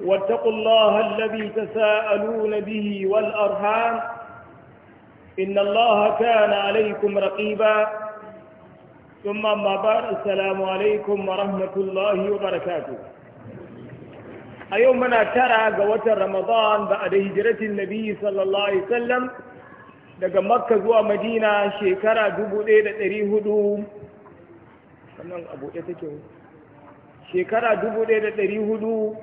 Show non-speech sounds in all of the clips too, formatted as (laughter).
واتقوا الله الذي تساءلون به والأرحام إن الله كان عليكم رقيبا ثم ما بعد السلام عليكم ورحمة الله وبركاته أيومنا ترى قوة رمضان بعد هجرة النبي صلى الله عليه وسلم daga makka zuwa madina shekara 1400 sannan abu ɗaya take shekara 1400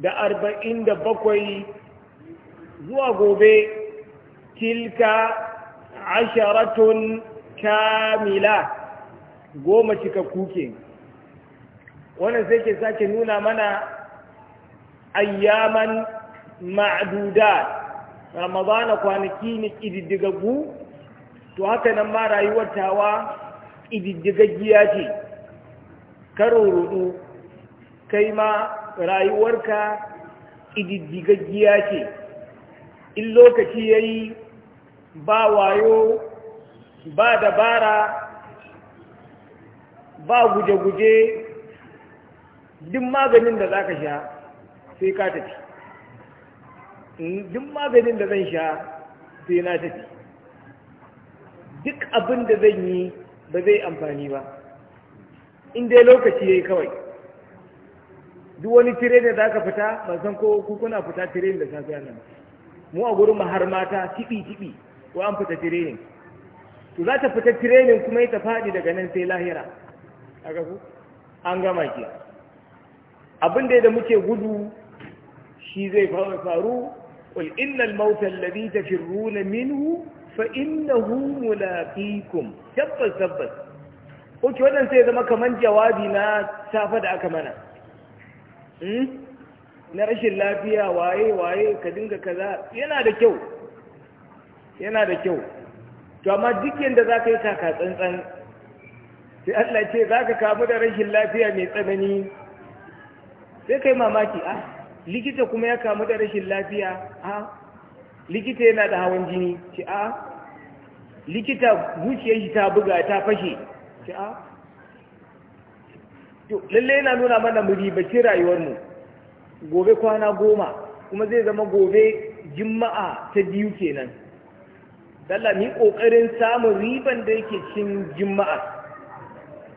da arba'in da bakwai zuwa gobe tilka asharatun kamila goma cika kuke wannan sai ke sake nuna mana ayyaman ma'aduda ramadana kwanaki ne ƙididdigaggu to haka nan ma rayuwar tawa giya ce karo rudu kai ma rayuwarka ƙididdigaggiya ce in lokaci ya yi ba wayo ba dabara ba guje-guje din maganin da za ka sha sai ka tafi din maganin da zan sha sai na tafi duk abin da zan yi ba zai amfani ba in dai lokaci ya yi kawai duk wani tire da za ka fita ban san ko kuna fita tire da safiya nan mu a gurin har mata tibi tibi ko an fita tire ne to za ta fita tire ne kuma ita faɗi daga nan sai lahira aka ku an gama ki abin da muke gudu shi zai faru qul innal mauta alladhi tafirruna minhu fa innahu mulaqikum tabbas tabbas ko wannan sai zama kaman jawabi na safa da aka mana Hmm? na rashin lafiya waye waye ka dinga kaza yana da kyau yana da kyau to amma duk yanda za ka yi kaka tsantsan sai Allah ce za ka kamu da rashin lafiya mai tsanani sai kai mamaki a ah, likita kuma ya kamu da rashin lafiya a ah, likita yana da hawan jini ce a ah, likita zuciyar shi ta buga ta fashe ce a lalle yana nuna mana mu rayuwar rayuwarmu gobe kwana goma kuma zai zama gobe jima'a ta biyu kenan dalla ƙoƙarin kokarin samun riban da yake cin jima'a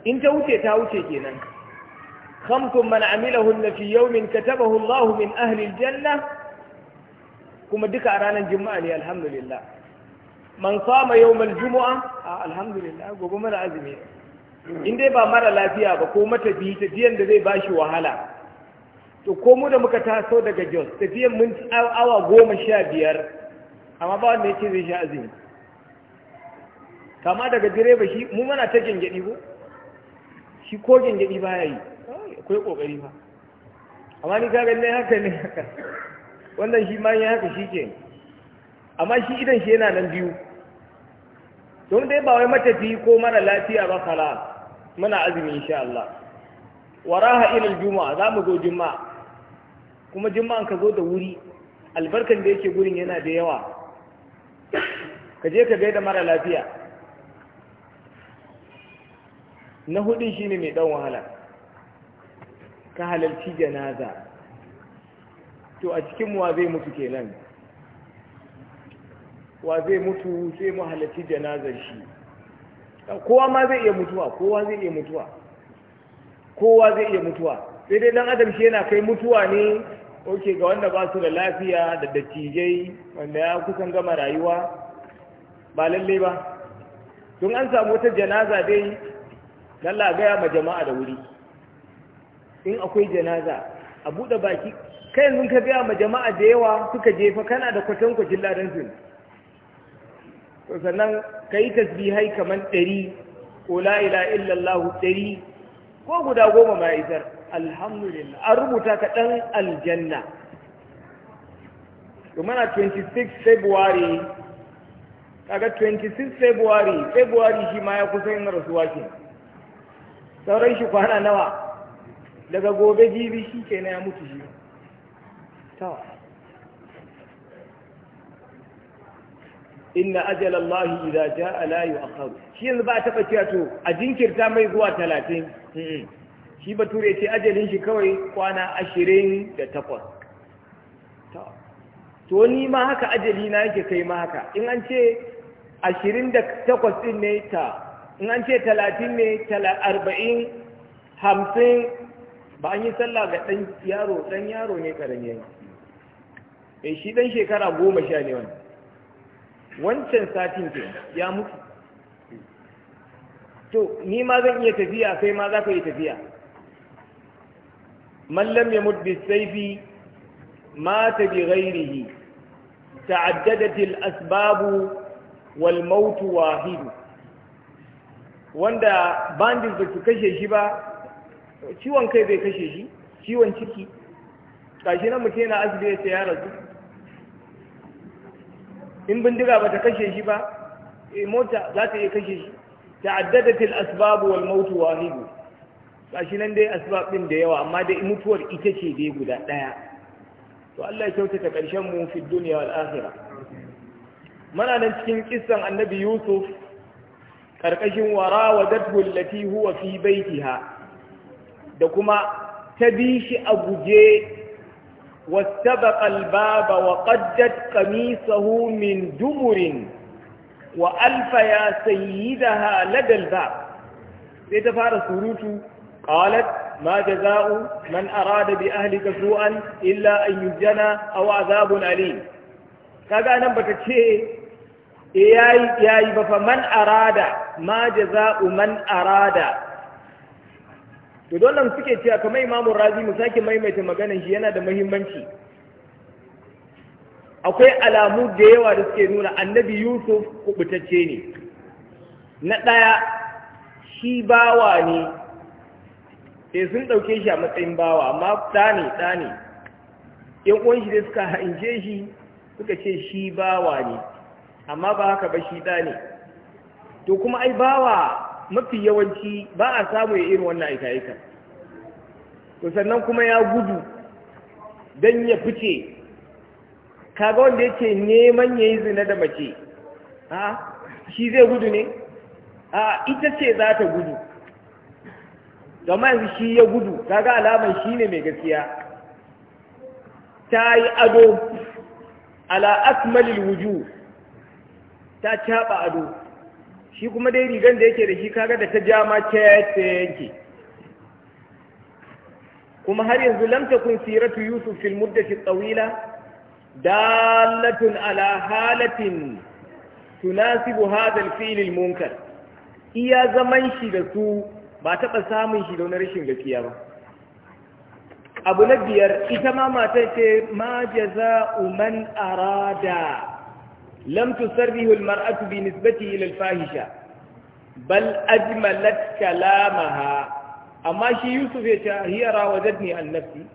in ta wuce ta wuce kenan khamsun man amilahu fi yawmin katabahu Allahu min ahli aljanna kuma duka a ranar jima'a ne alhamdulillah man sama yawmal jumu'a alhamdulillah gobe mana azumi in dai ba mara lafiya ba ko matafi tafiyan da zai bashi wahala to ko mu da muka taso daga jos tafiyan mun awa goma sha biyar amma ba wanda yake zai sha azumi kama daga direba shi mu mana ta gyangyaɗi ko shi ko gyangyaɗi ba ya yi akwai kokari ba amma ni kaga ne haka ne haka wannan shi ma ya haka shi ke amma shi idan shi yana nan biyu don dai ba wai matafi ko mara lafiya ba kala muna azumi insha Allah waraha ila juma'a za mu zo juma'a kuma juma'an ka zo da wuri albarkan da yake gurin yana da yawa ka je ka gaida mara lafiya na hudun shine mai dan wahala ka halalci janaza to a cikin wa zai mutu kenan wa zai mutu sai mu halarci janazar shi kowa ma zai iya mutuwa kowa zai iya mutuwa kowa zai iya mutuwa sai dai dan adam shi yana kai mutuwa ne oke ga wanda ba su da lafiya da dattijai wanda ya kusan gama rayuwa ba lalle ba tun an samu wata janaza dai lalla gaya ma jama'a da wuri in akwai janaza a buɗe baki kai yanzu ka gaya ma jama'a da yawa suka jefa kana da kwatankwacin ladan su to sannan ka yi tasbihai kamar ɗari ko la ila illallahu ɗari ko guda goma ma alhamdulillah an rubuta ka ɗan aljanna to mana 26 february kaga 26 february february shi ma ya kusa yin rasuwa ke sauran shi kwana nawa daga gobe jibi shi kenan ya mutu shi tawa inna ajalallahi idza jaa la yu'akhkhar shi yanzu ba ta cewa to a jinkirta mai zuwa 30 shi bature ce ajalin shi kawai kwana 28 to to ni ma haka ajali na yake kai ma haka in an ce 28 din ne ta in an ce 30 ne 40 50 ba an yi sallah ga dan yaro dan yaro ne karami eh shi dan shekara 10 sha ne wannan wancan satin ke ya mutu to ni ma zan iya tafiya sai ma za ka yi tafiya mallam ya mutu bisaifi mata bi ghairihi ta'addadat al-asbab wal maut wahid wanda bandin ba su kashe shi ba ciwon kai bai kashe shi ciwon ciki kashi na mutum yana ya rasu in bindiga ba ta kashe shi ba eh, mota za ta iya kashe shi ta'addadatil asbab wal maut wahidu gashi nan dai asbab din da yawa amma dai mutuwar ita ce dai guda ɗaya. to Allah ya kyautata karshen mu fi dunya wal akhirah mana nan cikin kissan annabi Yusuf karkashin wara wa allati huwa fi baitiha da kuma ta bi shi a guje واستبق الباب وقدت قميصه من دمر وألف يا سيدها لدى الباب سيتفار سروت قالت ما جزاء من أراد بأهلك سوءا إلا أن يجنى أو عذاب أليم kaga nan baka ce yayi yayi ba fa man arada ma jaza'u man arada to dole mu suke cewa kamar imamu razi mu sake maimaita maganan shi yana da muhimmanci akwai alamu da yawa da suke nuna annabi yusuf kubutacce ne na ɗaya shi bawa ne sai eh, sun ɗauke shi a matsayin bawa amma ɗa ne ɗa ne yan uwan shi da suka haince shi suka ce shi bawa ne amma ba haka ba shi ɗa ne to kuma ai bawa mafi yawanci ba a samu ya irin wannan aika-aika to sannan kuma ya gudu don ya fice kaga wanda ya ce neman ya yi zina da mace a shi zai gudu ne a ita ce za ta gudu gama yanzu shi ya gudu kaga alamar shi ne mai gaskiya ta yi ado ala akmalil wuju ta caɓa ado shi kuma dai rigan da yake da shi kaga da ta ja ma ta yanke kuma har yanzu lam takun siratu yusuf fil muddati tawila dalatun ala halatin tunasibu hadha al fi'l al munkar iya zaman shi da su ba taɓa samun shi da wani rashin gaskiya ba abu na biyar ita ma mata ce ma jaza'u man arada لم تسره المرأة بنسبته إلى الفاحشة بل أجملت كلامها أما شي يوسف هي راودتني عن نفسي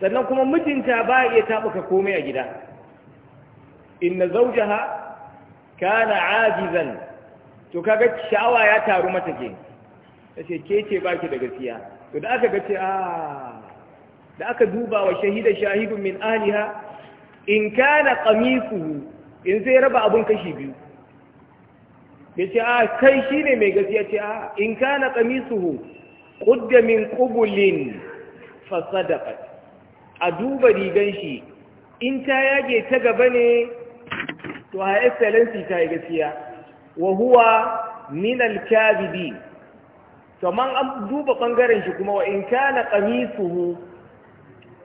sannan kuma mijinta ba iya taɓuka komai a gida inna zaujaha kana ajizan to kaga sha'awa ya taru mata ke tace ke ce baki da gaskiya to da aka ga ce a da aka duba wa shahida shahidu min ahliha in kana qamisuhu in sai raba abun kashi biyu yace a ah, kai shine mai gaskiya ce a ah, in kana qamisuhu qudda min qubulin fa a duba rigan shi in ta yage ta gaba ne to ha excellency ta yi gaskiya wa huwa min al kadibi to man an duba bangaren shi kuma wa in kana qamisuhu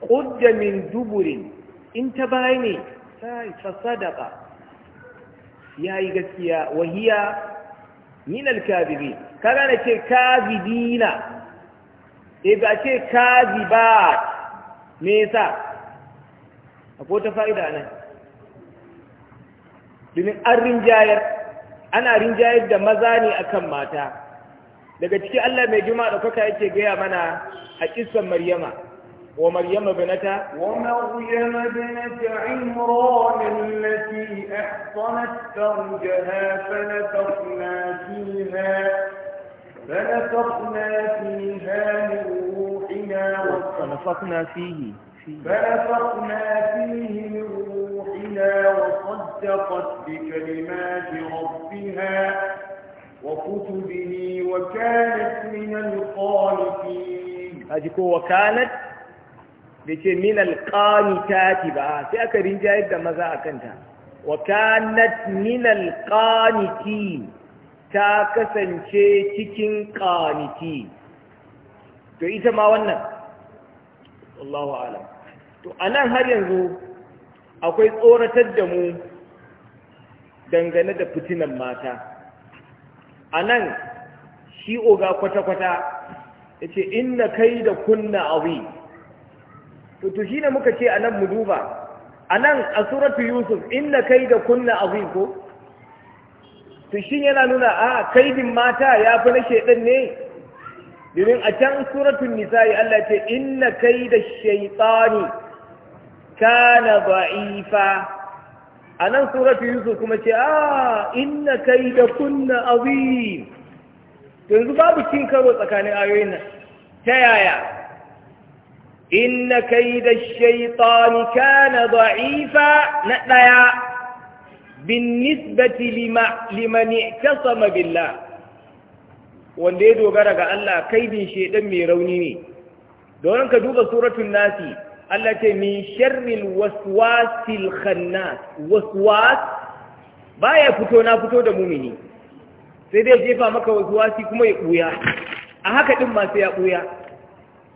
qudda min duburin in ta baya ne eh, ba. Ya yi gaskiya wahiya min al kaga na ce dina. E, ba ce ba me yasa akwai ta fa'ida nan domin an rinjayar ana rinjayar da maza ne akan mata daga ciki Allah mai juma'a da kwaka yake gaya mana a kisan Maryama ومريم بنتها ومريم بنت عمران التي أحصنت فرجها فنفخنا فيها فنفخنا فيها من روحنا فنفخنا فيه فنفخنا فيه من روحنا وصدقت بكلمات ربها وكتبه وكانت من القانتين هذه وكانت Da ce min ta alqanitati ba sai aka rinjayar da maza a kanta wa kanat min alqaniti ta kasance cikin qaniti to ita ma wannan wallahu alam to nan har yanzu akwai tsoratar da mu dangane da fitinan mata a nan shi oga kwata-kwata ya ce inna kai da kunna awi to to shine muka ce anan mu duba anan a suratu yusuf inna kaida kunna azim ko to yana nuna a kaidin mata ya fi na shaidan ne domin a can suratun nisa'i Allah ce inna kaida shaytani kana da'ifa a nan suratu yusuf kuma ce a inna kaida kunna azim yanzu babu cin karo tsakanin ayoyin nan ta yaya inna kaida shaytani kana da'ifa na daya bin nisbati lima liman iktasama billah wanda ya dogara ga Allah kaidin shedan mai rauni ne don ka duba suratul nasi Allah ce min sharril waswasil khannas waswas baya fito na fito da mumini sai dai jefa maka waswasi kuma ya buya a haka din ma sai ya buya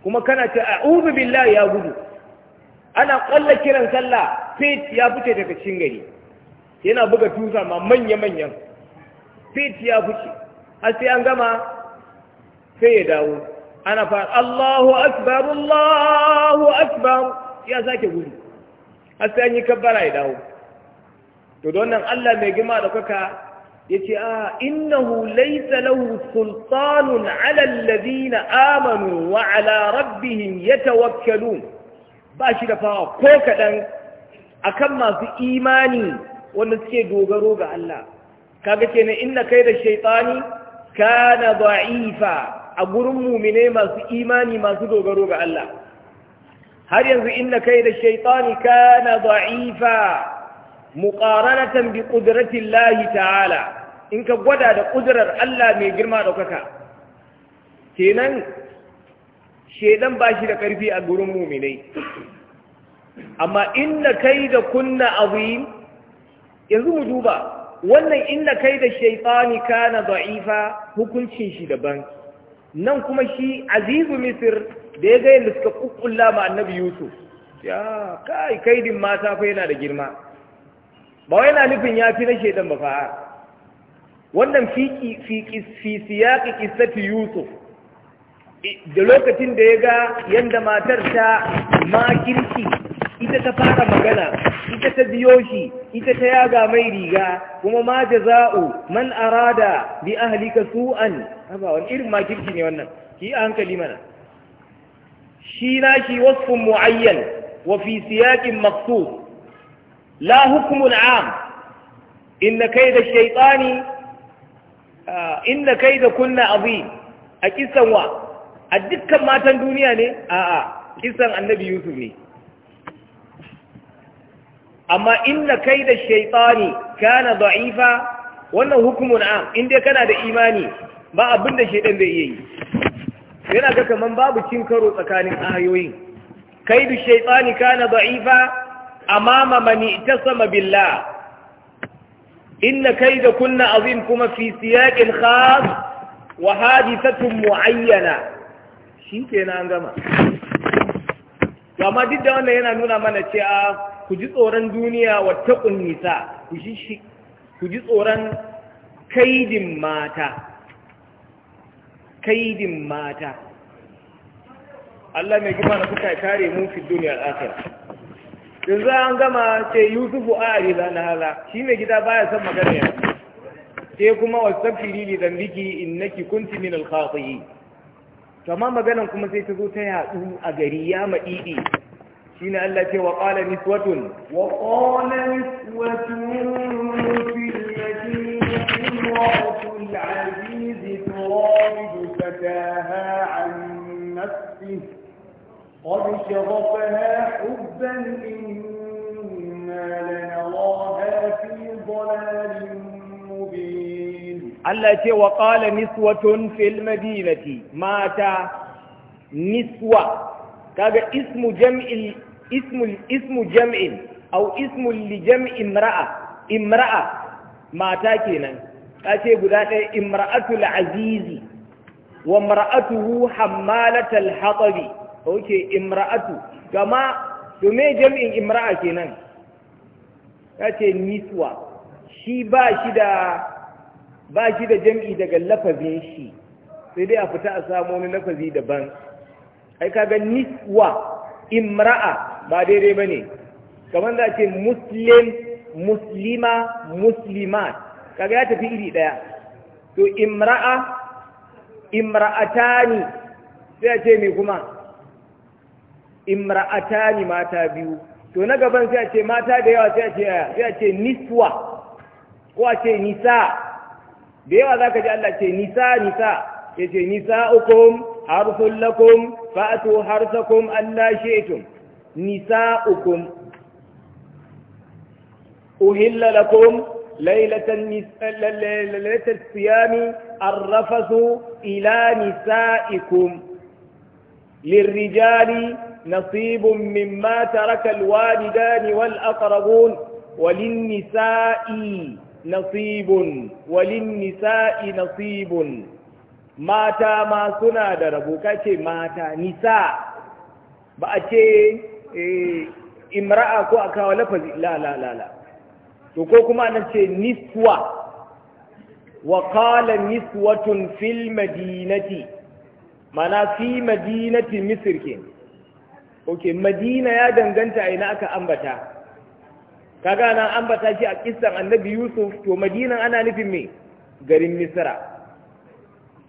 kuma kana ce ubi billahi ya gudu ana kalla kiran sallah fit ya fice daga cikin gari yana buga tusa ma manya manyan fit ya fice har sai an gama sai ya dawo ana fara Allahu akbar Allahu akbar ya sake gudu har sai an yi kabbara ya dawo to don nan Allah mai gima da kuka yace a ah, innahu laysa lahu sultanun ala alladhina amanu wa ala rabbihim yatawakkalun ba shi da fawa ko kadan akan masu imani wanda suke dogaro ga Allah kaga kenan inna kai da shaytani kana da'ifa a gurin mumine masu imani masu dogaro ga Allah har yanzu inna kai da shaytani kana da'ifa muqaranatan bi qudratillahi ta'ala in ka gwada da ƙudurar Allah mai girma ɗaukaka kenan shaidan ba shi da ƙarfi a gurin muminai amma inda kai da kunna yi, yanzu mu duba wannan inna kai da shaiɗani kana ba'ifa hukuncin shi daban nan kuma shi azizu misir da ya gaya da suka ƙuƙulla ma annabi yusuf ya kai kaidin mata fa yana da girma ba wai yana nufin ya fi na shaidan ba fa'a wannan fi siyaƙi ƙisati yusuf da lokacin da ya ga yadda matar ta makirci ita ta fara magana ita ta biyo shi ita ta yaga mai riga kuma ma jaza'u man arada bi ahlika su'an haba wani irin makirci ne wannan ki hankali mana shi na shi wasfin mu'ayyan wa fi siyaqin maqsus la hukmun am inna kayda shaytani inna kai da kunna abu a kisan wa a dukkan matan duniya ne a'a kisan annabi yusuf ne amma inna kai da shaitani kana da'ifa wannan hukumun am inda kana da imani ba abin da shaitan zai iya yi yana ga kaman babu cin karo tsakanin ayoyin kai da shaitani kana da'ifa mamani ta sama billah inna da kunna azim kuma fi siyaqin khas wa hadithatun muayyana ke na gama to amma duk da wannan yana nuna mana cewa ku ji tsoron duniya wa taqun nisa ku ji tsoron kaidin mata kaidin mata Allah mai girma da kuka kare mu fi duniyar akhirah yanzu an gama ce yusufu a ariza na haza shi mai gida baya son magana ya ce kuma wasafiri li dambiki innaki kunti min al-khati'i to amma maganan kuma sai ta zo ta yadu a gari ya madidi shine Allah ce wa qala niswatun wa qala niswatun fil madinati imra'atul aziz turawidu fataha an قد شغفها حبا إنا لنراها في ضلال مبين الله يتي وقال نسوة في المدينة مات نسوة كذا اسم جمع اسم اسم جمع أو اسم لجمع امرأة امرأة ماتا كينا أتي قدات امرأة العزيز وامرأته حمالة الحطب ok imra'atu gama to me jam'in imra'a kenan ya ce niswa shi ba shi da ba shi da jam'i daga lafazin shi sai dai a fita a samu wani lafazi daban ai kaga niswa imra'a ba daidai ba ne kamar za a ce muslim muslima muslimat kaga ya tafi iri ɗaya to imra'a imra'atani sai a ce mai kuma ni mata biyu to na gaban sai a ce mata da yawa sai a ce sai a ce niswa ko a ce nisa da yawa zaka ji Allah ce nisa nisa Ya ce yace nisa'ukum harsul lakum fa'tu harsakum alla shi'tum nisa'ukum uhilla lakum laylatan laylatan siyami arrafasu ila nisa'ikum للرجال نصيب مما ترك الوالدان والأقربون وللنساء نصيب وللنساء نصيب mata ma suna da rabo ce mata nisa ba a ce eh, imra'a ko a kawo lafazi la la ko kuma ana ce niswa wa qala niswatun fil madinati mana fi madinati misr kenan ok madina ya danganta ina aka ambata kaga nan ambata shi a kissan annabi yusuf to madina ana nufin me garin misra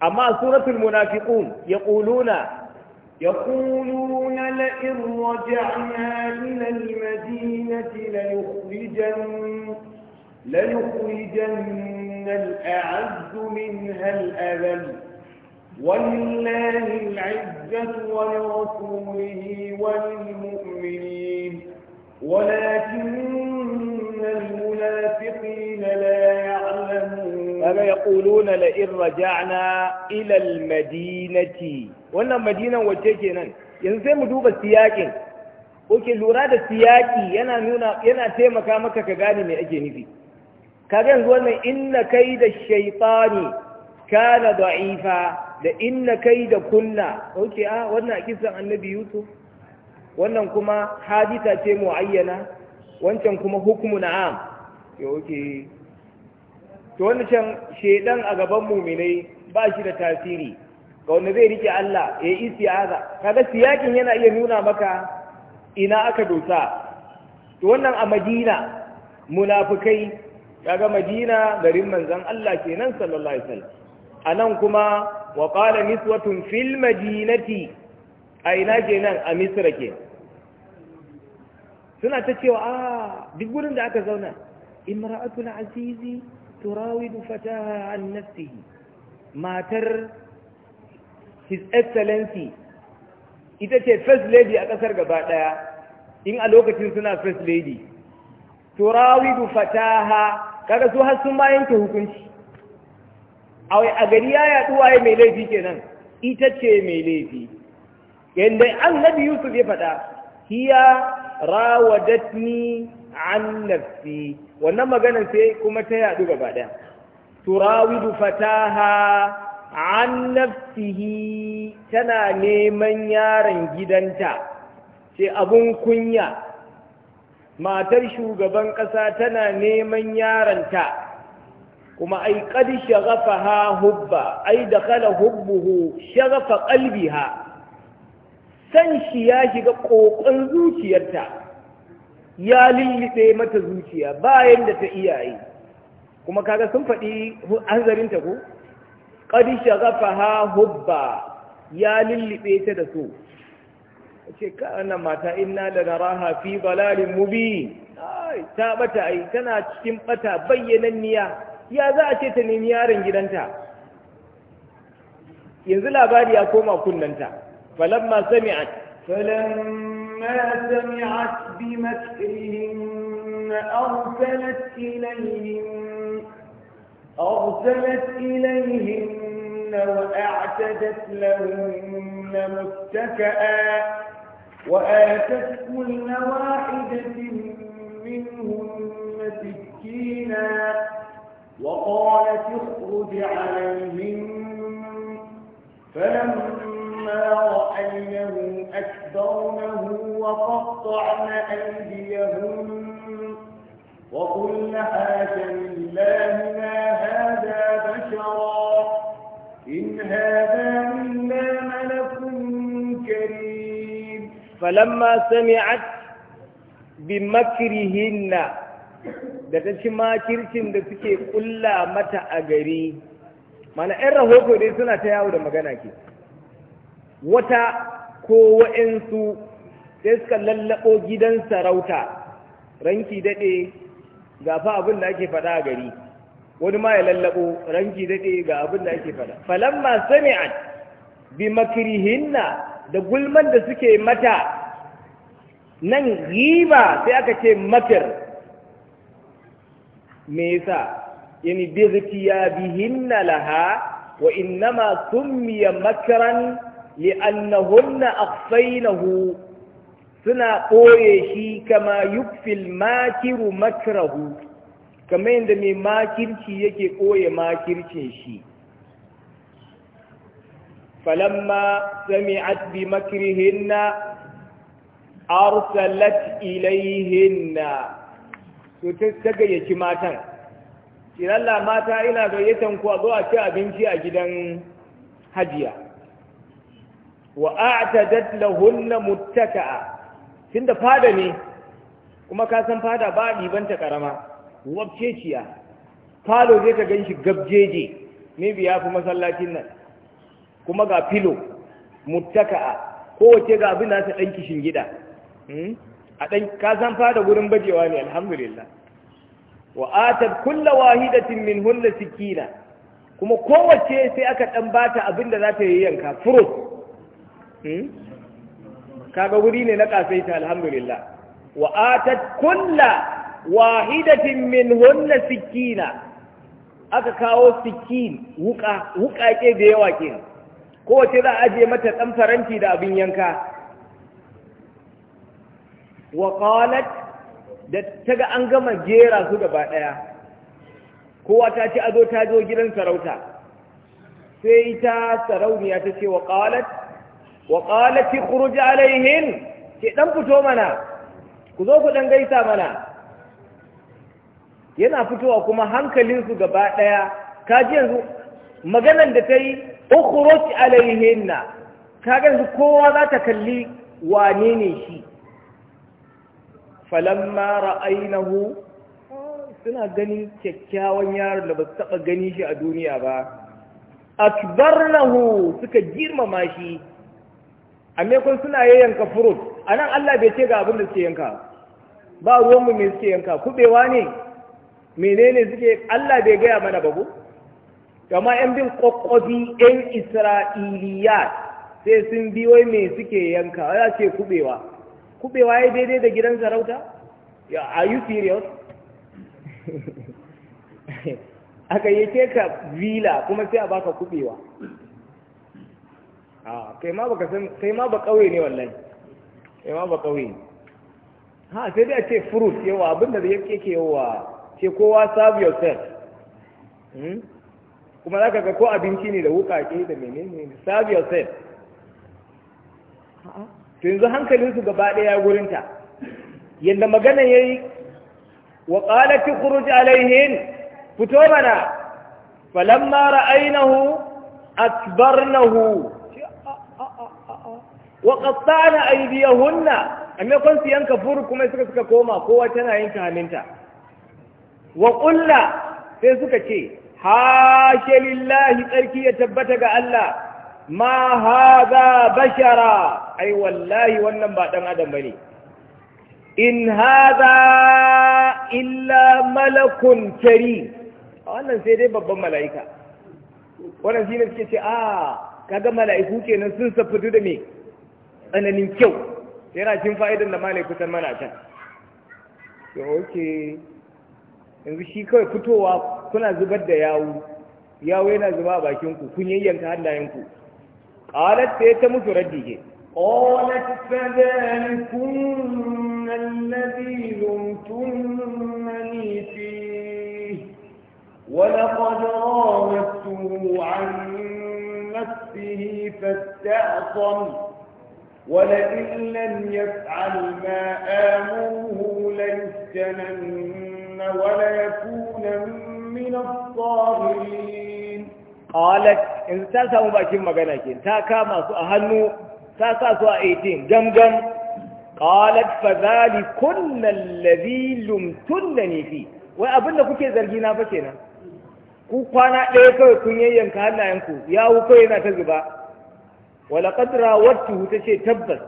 amma suratul munafiqun yaquluna يقولون لئن رجعنا إلى المدينة ليخرجن ليخرجن الأعز منها الأذل ولله العزة ولرسوله وللمؤمنين ولكن المنافقين لا يعلمون أما يقولون لئن رجعنا إلى المدينة وأن المدينة وجهنا ينزل يعني مدوب السياق وكي لورا دا سياكي ينا نونا ينا تيما كامكا كغاني من أجنبي كغاني هو إن كيد الشيطان كان ضعيفا da inna kai da kunna ok a wannan kisan annabi yusuf wannan kuma hadita ce mu ayyana wancan kuma hukumu na'am ok to wannan can shaidan a gaban muminai ba shi da tasiri ga wanda zai rike Allah ya yi Ka kaga siyakin yana iya nuna maka ina aka dosa to wannan a Madina munafukai kaga Madina garin manzon Allah kenan sallallahu alaihi wasallam anan kuma wa qala niswatun fil madinati a ina kenan a misra ke suna ta cewa a ah, duk wurin da aka zauna imra'atul azizi turawidu fataha an nafsihi matar his excellency ita ce first lady a ƙasar gaba ɗaya in a lokacin suna first lady turawidu fataha kaga su har sun ma yanke hukunci a gari ya yaɗu waye mai laifi kenan ita ce mai laifi yadda annabi yusuf ya faɗa hiya rawadatni an nafsi wannan maganar sai kuma ta yaɗu gaba ɗaya turawidu fataha an nafsihi tana neman yaron gidanta ce abun kunya matar shugaban ƙasa tana neman yaronta kuma ai qad ha hubba ai da kala hubbuhu shagafa qalbiha san shi ya shiga kokon zuciyarta ya lillibe mata zuciya bayan da ta iyaye kuma kaga sun faɗi hanzarin ta ko qad ha hubba ya lillibe ta da so ce ka mata inna da naraha fi dalalin mubin ta bata ai tana cikin bata bayyananniya يا za a ce ta nemi yaron gidanta yanzu labari فلما سمعت فلما سمعت بمكرهن أرسلت إليهن أرسلت إليهن وأعتدت لهن متكئا وآتت كل واحدة منهن سكينا وقالت اخرج عليهم فلما رأينه أكبرنه وقطعن أيديهم وقلن حاشا لله ما هذا بشرا إن هذا إلا ملك كريم فلما سمعت بمكرهن da ta ci makircin da suke kulla mata a gari mana 'yan rahoto dai suna ta yawo da magana ke wata ko wa'insu sai suka lallaɓo gidan sarauta ranki daɗe ga fa abin da ake faɗa a gari wani ma ya lallaɓo ranki daɗe ga abin da ake faɗa falamma sami'at bi makirihinna da gulman da suke mata nan riba sai aka ce makir me yasa yani bi bihinna laha wa innama summiya makaran annahunna akhfainahu suna ɓoye shi kama yukfil makiru makrahu kama inda mai makirci yake ɓoye makircin shi falamma sami'at bi makrihinna arsalat ilayhinna to ta gayyaci matan kiralla mata ina gayyatan ku a zo a ci abinci a gidan hajiya wa a'tadat lahunna muttaka'a da fada ne kuma ka san fada ba a ƙarama, karama wabceciya falo zai ka ganshi gabjeje ne biya fi masallacin nan kuma ga filo muttaka'a kowace ga abin nasa ɗan kishin gida hmm? a ɗan kasan fada wurin bajewa ne alhamdulillah wa atar kulla wahidatin min hunna sikina kuma kowace sai aka ɗan bata abin da za ta yi yanka furut hmm? kaga wuri ne na kasaita alhamdulillah wa atar kulla wahidatin min hunna sikina aka kawo sikin wuƙaƙe da yawa ke kowace za a ajiye mata ɗan faranti da abin yanka wa qalat da taga an gama gera su gaba daya kowa ta ci azo ta zo gidan sarauta sai ita sarauniya ta ce wa qalat wa qalat ikhruj alaihin ke dan fito mana ku zo ku dan gaisa mana yana fitowa kuma su gaba daya kaji yanzu maganan da ta yi ukhruj alaihinna kaga kowa za ta kalli wane ne shi falamma ra'ainahu suna ganin kyakkyawan yaron da ba su taɓa gani shi a duniya ba akbarnahu suka girmama shi amma kun suna yayyanka furut anan Allah bai ce ga abin da suke yanka ba ruwan mu me suke yanka kubewa ne menene suke Allah bai gaya mana ba ko kuma yan bin kokkobi yan isra'iliyat sai sun biyo me suke yanka ya ce kubewa kubewa ya daidai da gidan sarauta are you serious aka (laughs) yi ka villa kuma sai a baka kubewa kai ma ba kauye ne wallai, kai ma ba kauye ne ha sai dai a ce fruit yawa abinda da yake ke yawa ce kowa serve yourself hmm? kuma za ka ga ko abinci ne da wukake da menene serve yourself to yanzu hankalinsu gaba ɗaya gurinta yadda magana ya yi wa ƙalati kuruj alaihin fito mana falamma ra'ainahu akbarnahu wa qatta'na aydiyahunna amma kun su yanka furu kuma suka suka koma kowa tana yanka hannunta wa sai suka ce hashe lillahi tsarki ya tabbata ga Allah ma haza bashara ai wallahi wannan ba dan adam bane in haza illa malakun kari wannan sai dai babban mala'ika wannan shi ne suke ce a kaga mala'iku kenan sun fitu da me tsananin kyau yana cin fa'idan da mala'iku kusan mana can to oke yanzu shi kawai fitowa kuna zubar da yawu yawu yana zuba a ku, kun yayyanka hannayen ku. قالت تيتا مجردية قالت فذلكن الذي لمتنني فيه ولقد راودته عن نفسه فاستعصم ولئن لم يفعل ما آمره ليسجنن وليكونن من الصاغرين qalat in ta samu bakin magana ke ta kama su a hannu ta sa su a 18 gangan qalat fa zalikunna alladhi lumtunnani fi wai abinda kuke zargi na fa kenan ku kwana ɗaya kawai kun yayyanka hannayenku ya wuko yana ta zuba wala qadra ta tace tabbas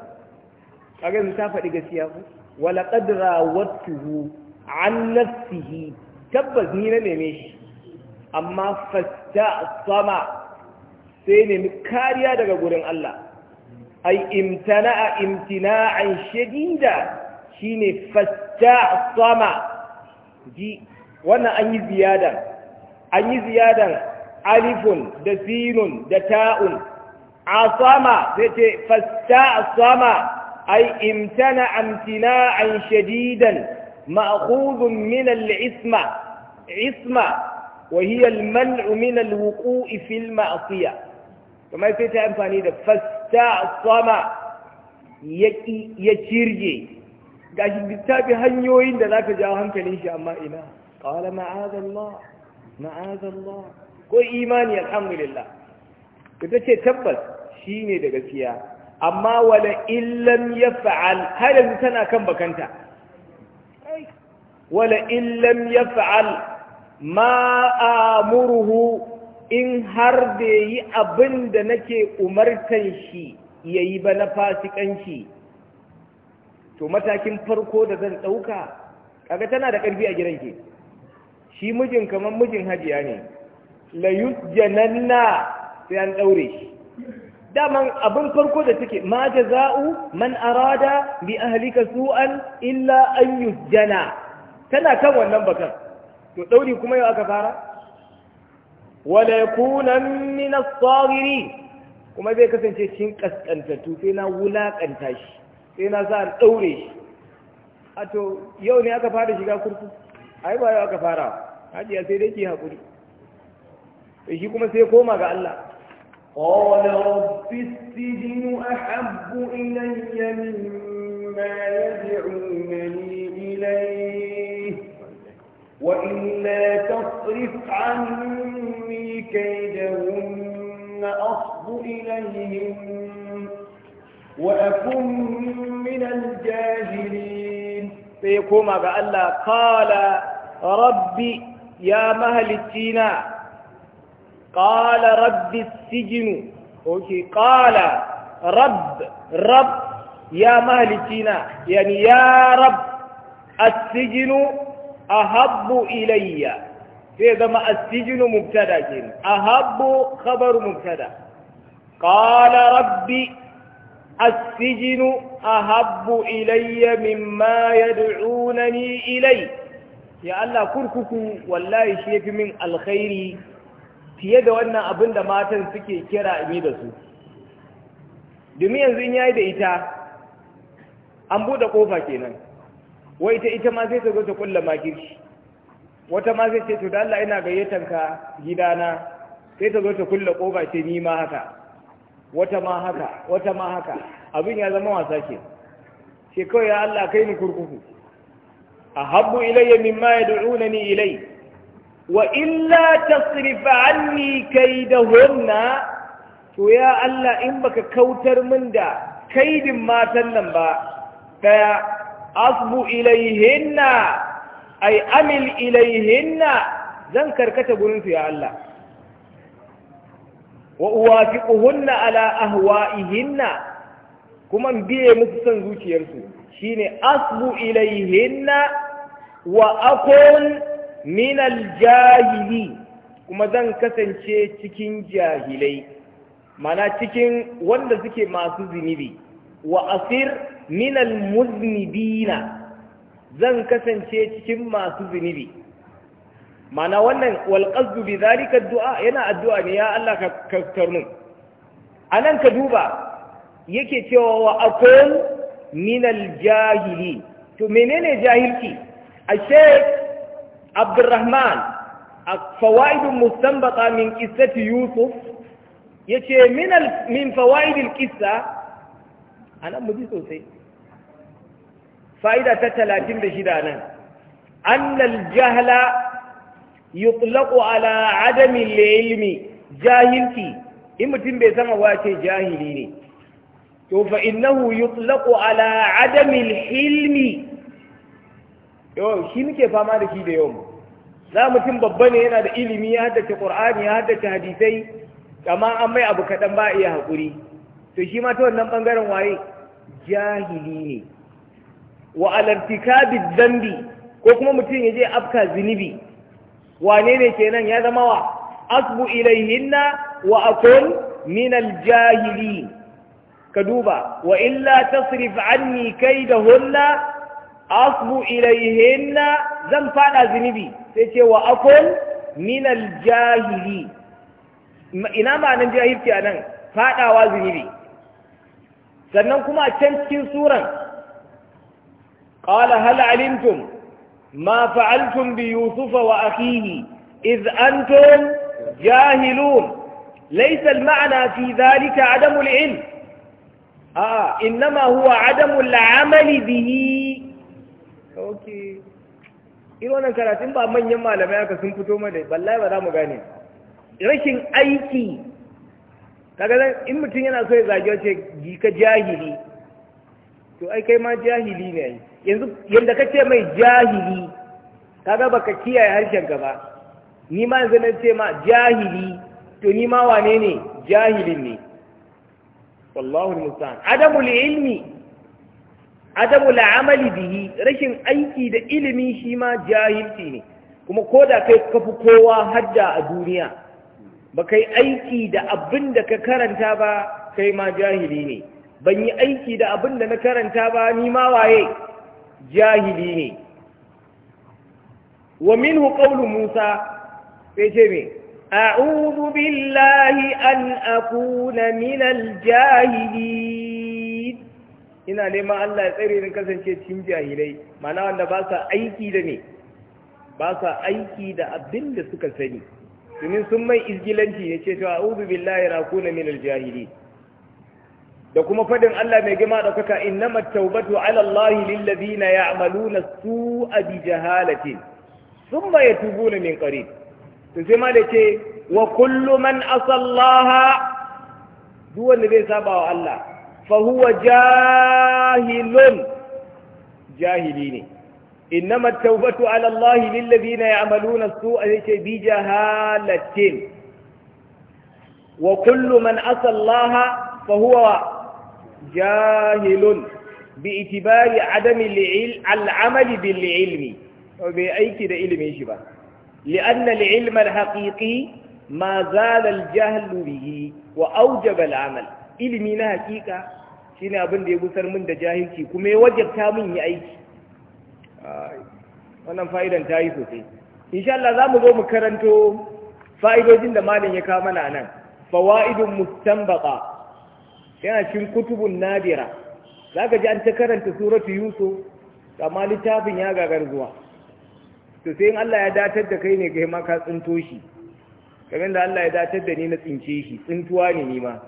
kaga yanzu ta faɗi gaskiya ku wala qadra wattuhu an nafsihi tabbas ni na neme shi amma fasta sama sai nemi kariya daga gurin Allah ai imtina imtina'an shadida shine fasta sama ji wannan an yi ziyadan an yi ziyadan alifun da sinun da ta'un A sama, sai ce fasta sama ai imtana amtina'an shadidan ma'khudun min al-isma isma وهي المنع من الوقوع في المعصية كما في تأمفاني ده فاستعصم يكيرجي قاش بالتابع هنيوين ده ذاك جاو هنكلين شاء ما إله قال معاذ الله معاذ الله ko imani alhamdulillah ita ce tabbas shi ne da gaskiya amma wala illam ya fa'al har yanzu tana kan bakanta wala illam ya fa'al ma amuruhu in har da yi abin da nake umartan shi ya yi ba na fasikanci to matakin farko da zan ɗauka kaga tana da ƙarfi a gidanki shi mijin kamar mijin hajiya ne jananna sai an ɗaure shi daman abin farko da take ma za'u man arada bi ahlika su'an illa an jana. tana kan wannan bakan to ɗauri kuma yau aka fara wala kunan min as-sagiri kuma bai kasance cikin kaskantattu sai na wulakanta shi sai na sa ɗaure shi a to yau ne aka fara shiga kurku ai ba yau aka fara hajiya sai dai ki haƙuri to shi kuma sai koma ga Allah قال رب السجن أحب إلي مما يدعونني إليه وإلا تصرف عني كيدهن أصب إليهن وأكن من الجاهلين فيقوم بألا قال ربي يا مهل التينا قال رب السجن أوكي قال رب رب يا مهل التينا يعني يا رب السجن ahabbu ilayya sai zama asijinu mubtada kenan ahabbu khabaru mubtada qala rabbi السجن أحب إلي مما يدعونني إليه يا الله كرككو والله شيف min alkhairi, fiye da wannan abin da matan suke kira ni da su domin yanzu in yayi da ita an buɗe ƙofa kenan wai ta ita ma sai ta zo ta kulla makirci wata ma zai ce to da Allah ina gayyatan ka gidana sai ta zo ta kulla koba ce ni ma haka wata ma haka wata ma haka abin ya zama wasa ke ce kawai ya Allah kai ni kurkuku a habbu ilayya mimma yad'unani ilay wa illa tasrif anni kaydahunna to ya Allah in baka kautar min da kaidin matan nan ba daya asbu ilaihinna ay amil ilaihinna zan karkata gurin ya Allah wa uwafiquhunna ala ahwa'ihinna kuma biye musu son zuciyarsu shine asbu ilaihinna wa akun min aljahili kuma zan kasance cikin jahilai mana cikin wanda suke masu zinibi. wa asir minal muznibina zan kasance cikin masu zunubi mana wannan walƙasdu bi zalika du'a yana addu'a ne ya Allah ka kaktar mun anan ka duba yake cewa wa akun minal jahili to menene jahilci a sheikh abdurrahman a fawaidun mustanbata min yusuf yace min min fawaidil qissa a nan mu ji sosai fa'ida ta talatin da shida nan annal jahla yutlaqu ala adami ilmi jahilci in mutum bai sama wa ce jahili ne to fa innahu yutlaqu ala adami ilmi yo shi muke fama da shi da yau za mutum babba ne yana da ilimi ya haddace qur'ani ya haddace hadisai amma an mai abu kaɗan ba iya haƙuri to shi ma ta wannan ɓangaren waye jahili ne wa alartikabi dambi ko kuma mutum ya je afka zunubi wane ne kenan ya zama wa asbu ilaihinna wa akun min aljahili ka duba wa illa tasrif anni kaidahunna asbu ilaihinna zan fada zunubi sai ce wa akun min aljahili ina ma'anan jahilci anan fadawa zunubi sannan kuma a can cikin suran qala hal alimtum ma fa'altum bi yusufa wa akhihi iz antum jahilun laysa al ma'na fi dhalika adamu al ilm a innama huwa adamu al amali bihi okay irin wannan karatun ba manyan malamai aka sun fito mana wallahi ba za mu gane rashin aiki kaga in mutum yana so ya zage wace ka jahili to ai kai ma jahili ne yanzu yanda kace mai jahili kaga baka kiyaye harshen ka ba ni ma yanzu na ce ma jahili to ni ma wane ne jahilin ne wallahu musta'an adamu ilmi adamu amali bihi rashin aiki da ilimi shi ma jahilci ne kuma koda kai kafi kowa hadda a duniya ba kai aiki da abin da ka karanta ba kai ma jahili ne ban yi aiki da abin da na karanta ba ni ma waye jahili ne wa minhu qawlu Musa sai ce me a'udhu billahi an akuna minal jahili. ina neman Allah ya tsare ni kasance cikin jahilai Mana wanda ba sa aiki da ne, ba sa aiki da abin da suka sani domin sun mai izgilanci ya ce to a'udhu billahi rakuna min al-jahili da kuma fadin Allah mai gima da kaka innamat tawbatu ala Allah lil ladina ya'maluna su'a bi jahalatin thumma yatubuna min qarib to sai ma da ce wa kullu man asallaha duk wanda zai saba wa Allah fa huwa jahilun jahili ne إنما التوبة على الله للذين يعملون السوء بجهالة وكل من أتى الله فهو جاهل باعتبار عدم العمل بالعلم وبأي كده علم شبه لأن العلم الحقيقي ما زال الجهل به وأوجب العمل علمي na hakika shine abin da ya gusar min da jahilci kuma ya wajabta min yi aiki wannan fa'idan ta yi sosai insha Allah za mu zo mu karanto fa'idojin da malam ya kawo mana nan fawa'idun mustanbaqa yana cikin kutubun nadira Za ka ji an ta karanta suratu yusuf amma littafin ya gagar zuwa to sai in Allah ya datar da kai ne ga ma ka tsinto shi kamar da Allah ya datar da ni na tsince shi tsintuwa ne ni ma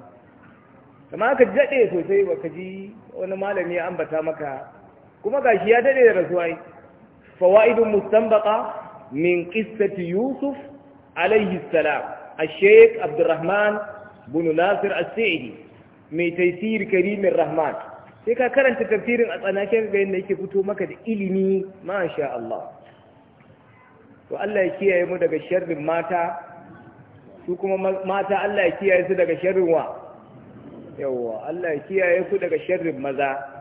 amma ka daɗe sosai ba ka ji wani malami ya ambata maka kuma gashi ya dade da rasuwa yi fawaidun mustanbaqa min qissati yusuf alayhi salam الشيخ عبد الرحمن بن ناصر السعدي mai taisir karimin rahman sai ka karanta tafsirin a tsanaken ga yadda yake fito maka da ilimi masha Allah to Allah ya kiyaye mu daga sharrin mata su kuma mata Allah ya kiyaye su daga sharrin wa yawwa Allah ya kiyaye ku daga sharrin maza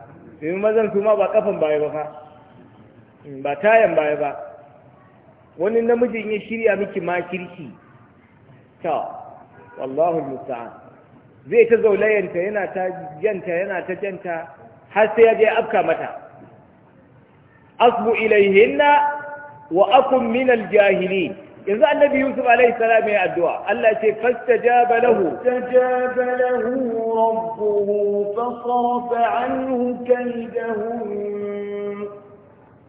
domin mazan su ma ba kafan baya ba fa ba tayan baya ba wani namijin ya shirya miki ma kirki ta wallahu musta'an zai ta zaulayanta yana ta janta yana ta janta har sai ya je afka mata asbu ilaihinna wa akum min jahilin. yanzu annabi yusuf alaihi salam ya addu'a Allah ce fastajaba lahu tajaba lahu rabbuhu fa sarafa anhu kaydahum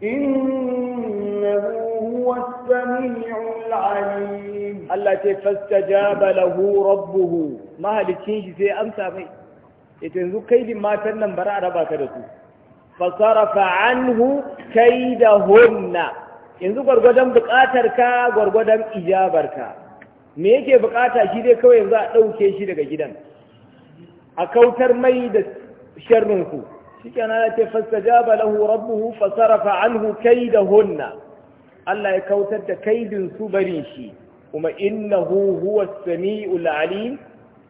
innahu huwa as-sami'ul alim Allah ce fastajaba lahu rabbuhu mahalicin shi sai amsa mai ita yanzu kaidin matan nan bara a raba ka da su fa sarafa anhu kaydahunna yanzu gwargwadon buƙatar ka gwargwadon ijabar ka me yake buƙata shi dai kawai yanzu a ɗauke shi daga gidan a kautar mai da shi ku shikenan ya jaba'lahu, fastajaba lahu rabbuhu fasarafa anhu hunna. Allah ya kautar da kaidin su barin shi kuma innahu huwa as-sami'ul alim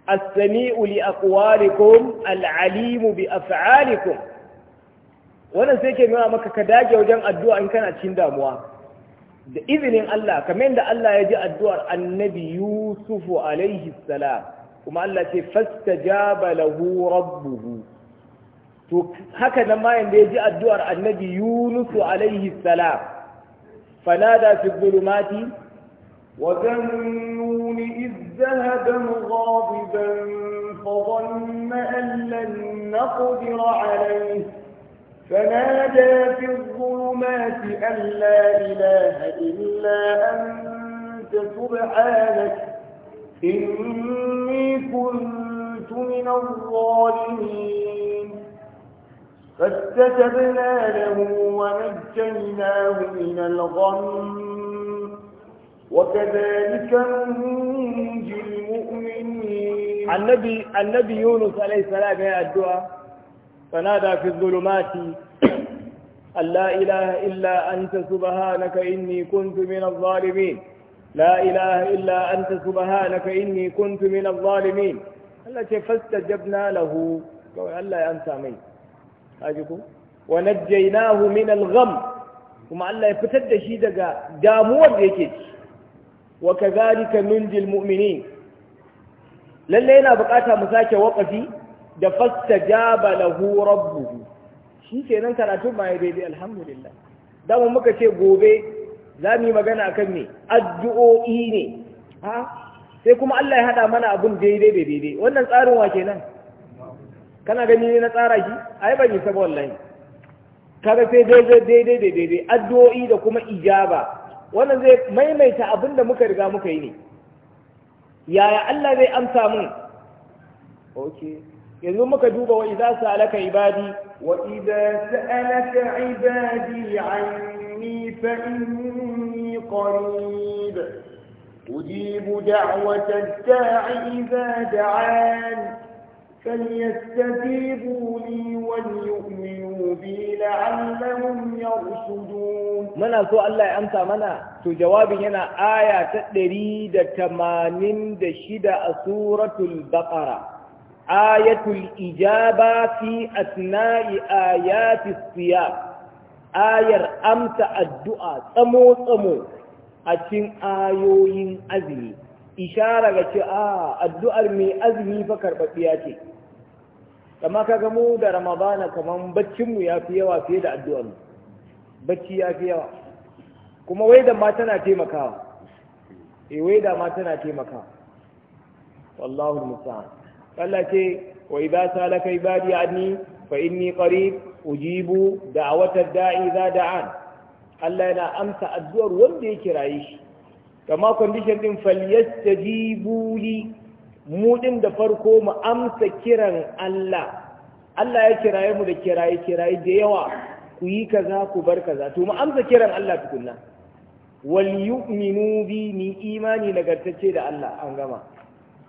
as-sami'u li aqwalikum al-alimu bi af'alikum wannan sai ke nuna maka ka dage wajen addu'a in kana cikin damuwa da izinin Allah kamar da Allah ya ji addu'ar annabi Yusufu alaihi salam kuma Allah ce fastajaba lahu rabbuhu to haka nan ma yanda ya ji addu'ar annabi Yunusu alaihi salam fanada fi dhulumati wa dhannun iz zahaba mughadiban fa dhanna an lan naqdir alayhi فنادى في الظلمات أن لا إله إلا أنت سبحانك إني كنت من الظالمين فاستجبنا له ونجيناه من الغم وكذلك ننجي المؤمنين النبي النبي يونس عليه السلام يا الدعاء فنادى في الظلمات أن لا إله إلا أنت سبحانك إني كنت من الظالمين لا إله إلا أنت سبحانك إني كنت من الظالمين التي فاستجبنا له قال لا أنسى مين أجيكم ونجيناه من الغم وما ألا يفتد شيء دقا داموا وكذلك ننجي المؤمنين للينا بقاتها مساكة وقفي da fasta na lahu rabbuhu shi kenan karatu ma ya daidai alhamdulillah da mu muka ce gobe za mu yi magana a kan me addu'o'i ne ha sai kuma Allah ya haɗa mana abun daidai da daidai wannan tsarin wa ke nan? kana gani ne na tsara shi a ban yi sabon wallahi Kada sai daidai daidai da daidai addu'o'i da kuma ijaba wannan zai maimaita abin da muka riga muka yi ne yaya Allah zai amsa mun okay yanzu muka duba wa idza sa'alaka ibadi wa idza sa'alaka ibadi anni fa inni qarib ujibu da'wata da'i da'an فليستجيبوا لي وليؤمنوا بي لعلهم يرشدون منا سؤال الله يأمسى منا تو جوابي هنا آية تدريد كمانين دشيدة سورة البقرة ayatul ijaba fi asna'i ayati siyam ayar amsa addu'a tsamo tsamo a cikin ayoyin azumi ishara ga ce a ah, addu'ar mai azumi fa karɓaɓɓiya ce amma kaga mu da ramadana kaman baccinmu ya fi yawa fiye da addu'ar mu bacci ya fi yawa kuma wai ma tana taimakawa eh wai da ma tana taimakawa wallahu musta'an Allah ce wa idza salaka ibadi anni fa ni qarib ujibu da'wata da'i da an. Allah yana amsa addu'ar wanda ya kiraye shi kama condition ɗin falyastajibu li mu din da farko mu amsa kiran Allah Allah ya kiraye mu da kiraye kiraye da yawa ku yi kaza ku bar kaza to mu amsa kiran Allah tukunna wal yu'minu bi ni imani nagartacce da Allah an gama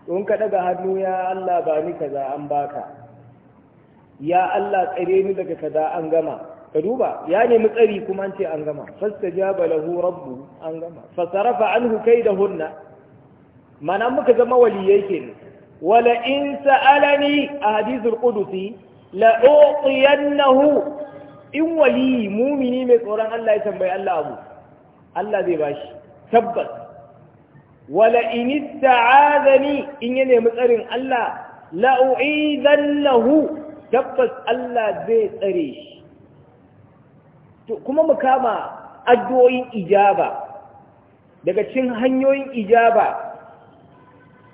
in ka daga hannu ya Allah ba ni kaza an baka ya Allah tsare ni daga kaza an gama ka duba ya nemi tsari kuma an ce an gama fastajaba lahu rabbu an gama fasarafa anhu kaidahunna mana muka zama wali waliyai kenan wala in sa'alani a hadithul qudusi la uqiyannahu in wali mumini mai tsoron Allah ya tambayi Allah abu Allah zai bashi tabbas wala in ista'azani in ya nemi tsarin Allah lahu, tabbas Allah zai tsare shi to kuma mu kama addu'o'in ijaba daga cikin hanyoyin ijaba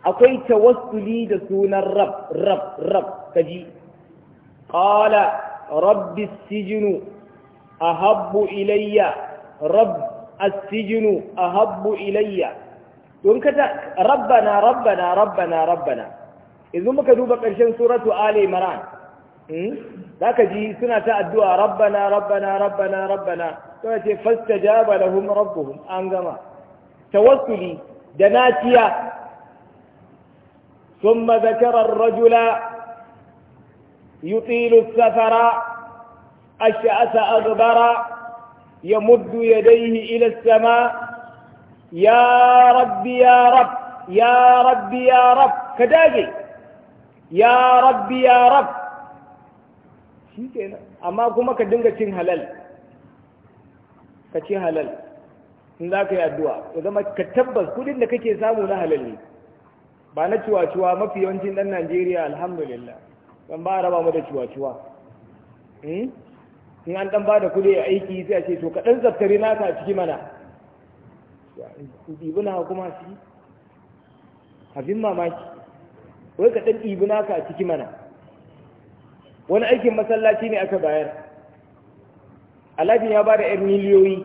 akwai tawassuli da sunan rab rab rab kaji qala rabbi sijinu ahabbu ilayya rabb as ahabbu ilayya don ka ta rabbana rabbana rabbana rabbana yanzu muka duba ƙarshen suratu ali imran za ka ji suna ta addu'a rabbana rabbana rabbana rabbana suna ce fasta jaba lahum rabbuhum an gama tawassuli da naciya ثم ذكر الرجل يطيل السفر أشأث أغبر يمد يديه إلى السماء ya rabbi ya rab ya rabbi ya rab ka dage ya rabbi ya rab amma kuma ka dinga cin halal ka ci halal in za ka yi addu'a ka tabbas kuɗin da kake samu na halal ne ba na ciwa mafi yawancin ɗan najeriya alhamdulillah ban ba raba mu da ciwa-ciwa hmm? an ɗan bada da a aiki sai a ce to ka ɗan zaftare naka a ciki mana ɗibi na kuma su abin mamaki wai ka ɗan ɗibi ka a ciki mana wani aikin masallaci ne aka bayar alhajin ya ba da ‘yan miliyoyi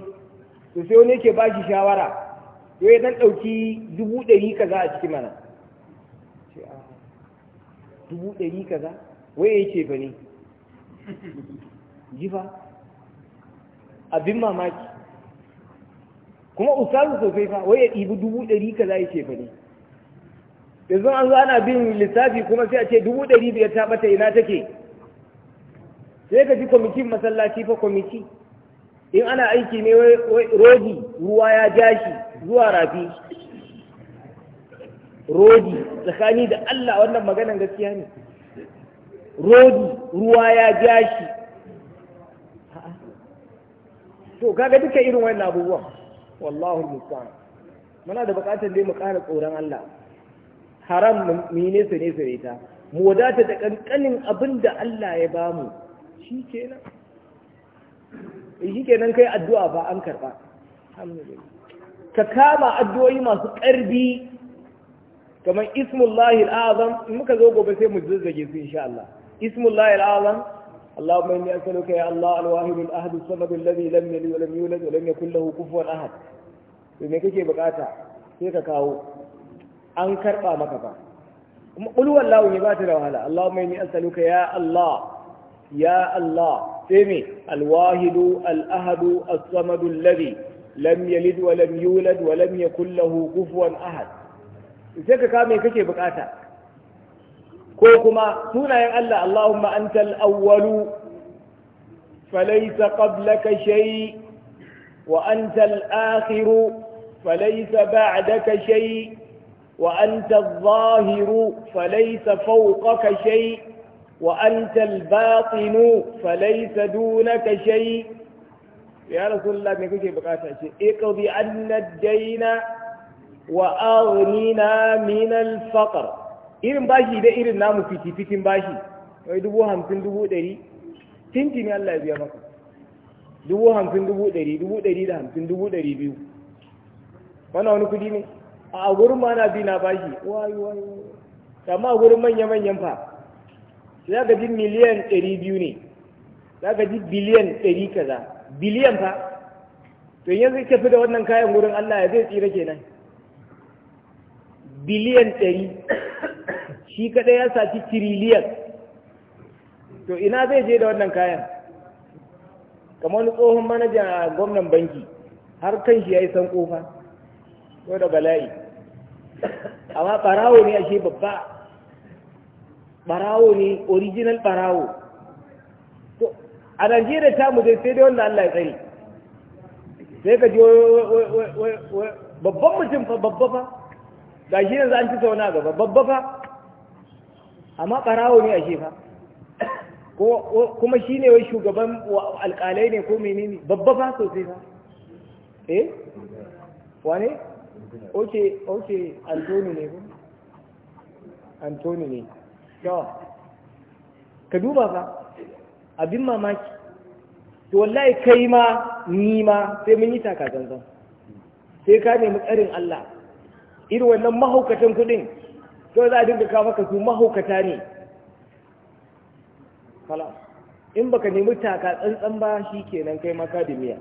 to sai wani yake ba shi shawara yau ya ɗan ɗauki dubu ɗari kaza a ciki mana dubu ɗari kaza wai ya ce ba ne jifa abin mamaki kuma ustazu sosai fa wai ya ɗibi dubu ɗari kaza ya ce fani yanzu an zo ana bin lissafi kuma sai a ce dubu ɗari biyar ta bata ina take sai ka ji kwamitin masallaci fa kwamiti in ana aiki ne rodi ruwa ya jashi zuwa rafi rodi tsakani da Allah wannan maganan gaskiya ne rodi ruwa ya jashi to kaga duka irin wannan abubuwan wallahu musta'an muna da bukatar dai mu ƙara tsoron Allah haram mu yi nesa ne da ita mu wadata da kankanin abin da Allah ya ba mu shikenan eh, kai addu'a ba an karɓa ka kama addu'o'i masu ƙarfi kamar ismullahi al'azam in muka zo gobe sai mu zazzage su insha Allah ismullahi al'azam اللهم إني أسألك يا الله الواحد الأحد الصمد الذي لم يلد ولم يولد ولم يكن له كفوا أحد بما كيكي بقاتا كيكا كاو أنكر قامك با قل والله يبات وهلا اللهم إني أسألك يا الله يا الله سمي الواحد الأحد الصمد الذي لم يلد ولم يولد ولم يكن له كفوا أحد sai ka kame kake bukata ko kuma sunayen Allah Allahumma antal awwalu falaysa qablaka shay wa antal akhiru falaysa ba'daka shay wa antal zahiru falaysa fawqaka shay wa antal batinu falaysa dunaka shay ya rasulullah me kuke bukata ce e qadi annad ad wa aghnina min al-faqr irin bashi da irin namu fiti-fitin bashi wai dubu hamsin dubu ɗari tinti ne Allah ya biya maka dubu hamsin dubu ɗari dubu ɗari da hamsin dubu ɗari biyu wani wani kudi ne a gurin ma na bi na bashi wayo wayo amma a gurin manya-manyan fa za ka ji miliyan ɗari biyu ne za ka ji biliyan ɗari kaza biliyan fa to yanzu ka fi da wannan kayan gurin Allah ya zai tsira kenan biliyan ɗari shi kaɗai ya saci tiriliyan to ina zai je da wannan kayan kamar wani tsohon manajan a gwamnan banki har kan shi ya yi san ƙofa ko da bala'i amma ɓarawo ne a shi babba ɓarawo ne original ɓarawo to a najeriya ta mu sai dai wanda allah ya tsari sai ka ji babban mutum fa babba fa ga shi yanzu an ci sauna gaba babba fa amma ɓarawo ne a shefa kuma shi ne wai shugaban alƙalai ne ko menene babba fa sosai fa eh wane oke oke antoni ne ko antoni ne yawa ka duba fa abin mamaki to wallahi kai ma ni ma sai mun yi taka sai ka nemi tsarin Allah irin wannan mahaukatan kudin to za a dinga kawo maka su mahaukata ne kala in baka nemi taka tsantsan ba shi kenan kai maka da miya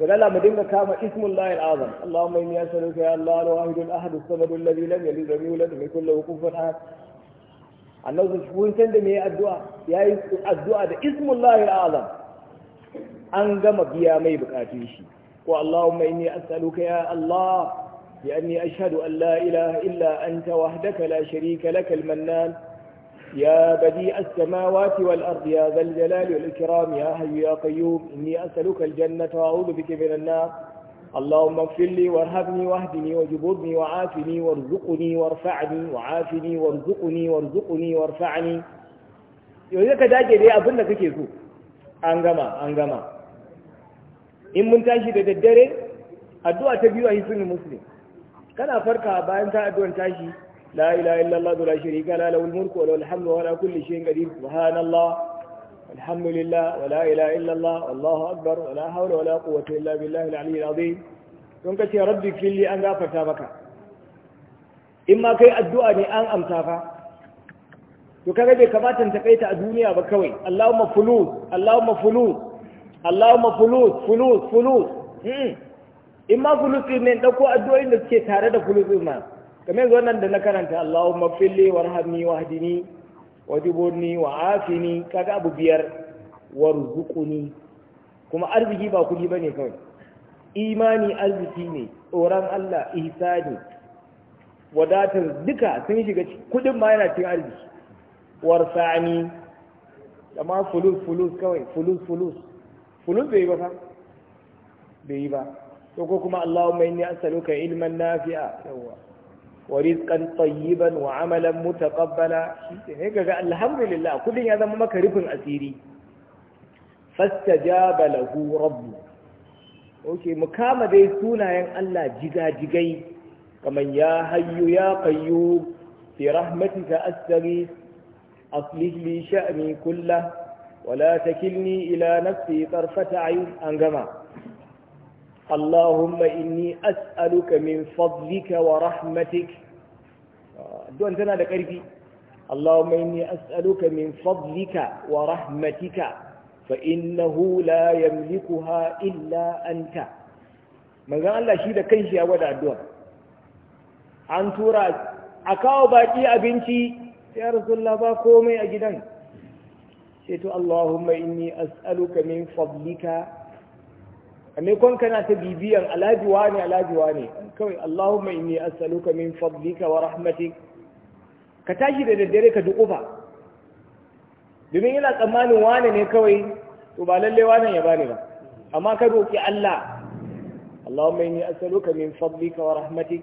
وللا مدينة كما اسم الله العظم ya إني أسألك يا الله الواحد الأحد الصمد الذي لم يلد da يولد ولم يكن له كفوا أحد annabi kun san da meye addu'a yayi addu'a da ismullahi al'azam an gama biya mai bukatun shi ko allahumma inni as'aluka ya allah بأني أشهد أن لا إله إلا أنت وحدك لا شريك لك المنان يا بديع السماوات والأرض يا ذا الجلال والإكرام يا حي يا قيوم إني أسألك الجنة وأعوذ بك من النار اللهم اغفر لي وارهبني واهدني وجبرني وعافني وارزقني وارفعني وعافني وارزقني وارزقني وارفعني yanzu ka dage dai abin da kake so an gama an gama in mun tashi da daddare addu'a ta biyu a hisunin muslim kana farka bayan ta addu'ar tashi la ilaha illallah la sharika la lahul mulku wa lahul hamdu wa ala kulli shay'in qadir subhanallah walhamdulillah wa la ilaha illallah wallahu akbar wa la hawla wa la quwwata illa billahi al-aliyyil azim don kace rabbi filli an gafarta maka in ma kai addu'a ne an amsa fa to kaga bai kamata ta kai a duniya ba kawai Allahumma fulus Allahumma fulus Allahumma fulus fulus fulus hmm. in ma fulusi ne ɗauko addu'o'in da suke tare da fulusi ma kamar yanzu wannan da na karanta Allahumma filli warhamni wahdini wajibuni afini kaga abu biyar warzuquni kuma arziki ba kuɗi bane kawai imani arziki ne tsoron Allah ihsani wadatar duka sun shiga kuɗin ma yana cikin arziki warsani amma fulus fulus kawai fulus fulus fulus bai yi ba fa bai yi ba ko kuma Allahumma inni as'aluka ilman nafi'a yawa wa rizqan tayyiban wa amalan mutaqabbala ne ga alhamdulillah kudin ya zama maka rufin asiri fastajaba lahu rabbu okay mu kama dai sunayen Allah jigajigai kaman ya hayyu ya qayyum fi rahmatika astaghith aslih li sha'ni kullahu ila تكلني إلى نفسي طرفة an gama. اللهم إني أسألك من فضلك ورحمتك دون تنا لك أرفي اللهم إني أسألك من فضلك ورحمتك فإنه لا يملكها إلا أنت من قال الله شيء كان شيء ودع الدعاء عن تورا أكاو باقي أبنتي يا رسول الله باكومي أجدا شئت اللهم إني أسألك من فضلك maimakon kana ta bibiyan alhaji wane alhaji wane kawai Allahumma inni as'aluka min fadlika wa rahmatik ka tashi da daddare ka duƙufa domin yana tsammanin wane ne kawai to ba lalle wane ya bani ba amma ka roƙi Allah Allahumma inni as'aluka min fadlika wa rahmatik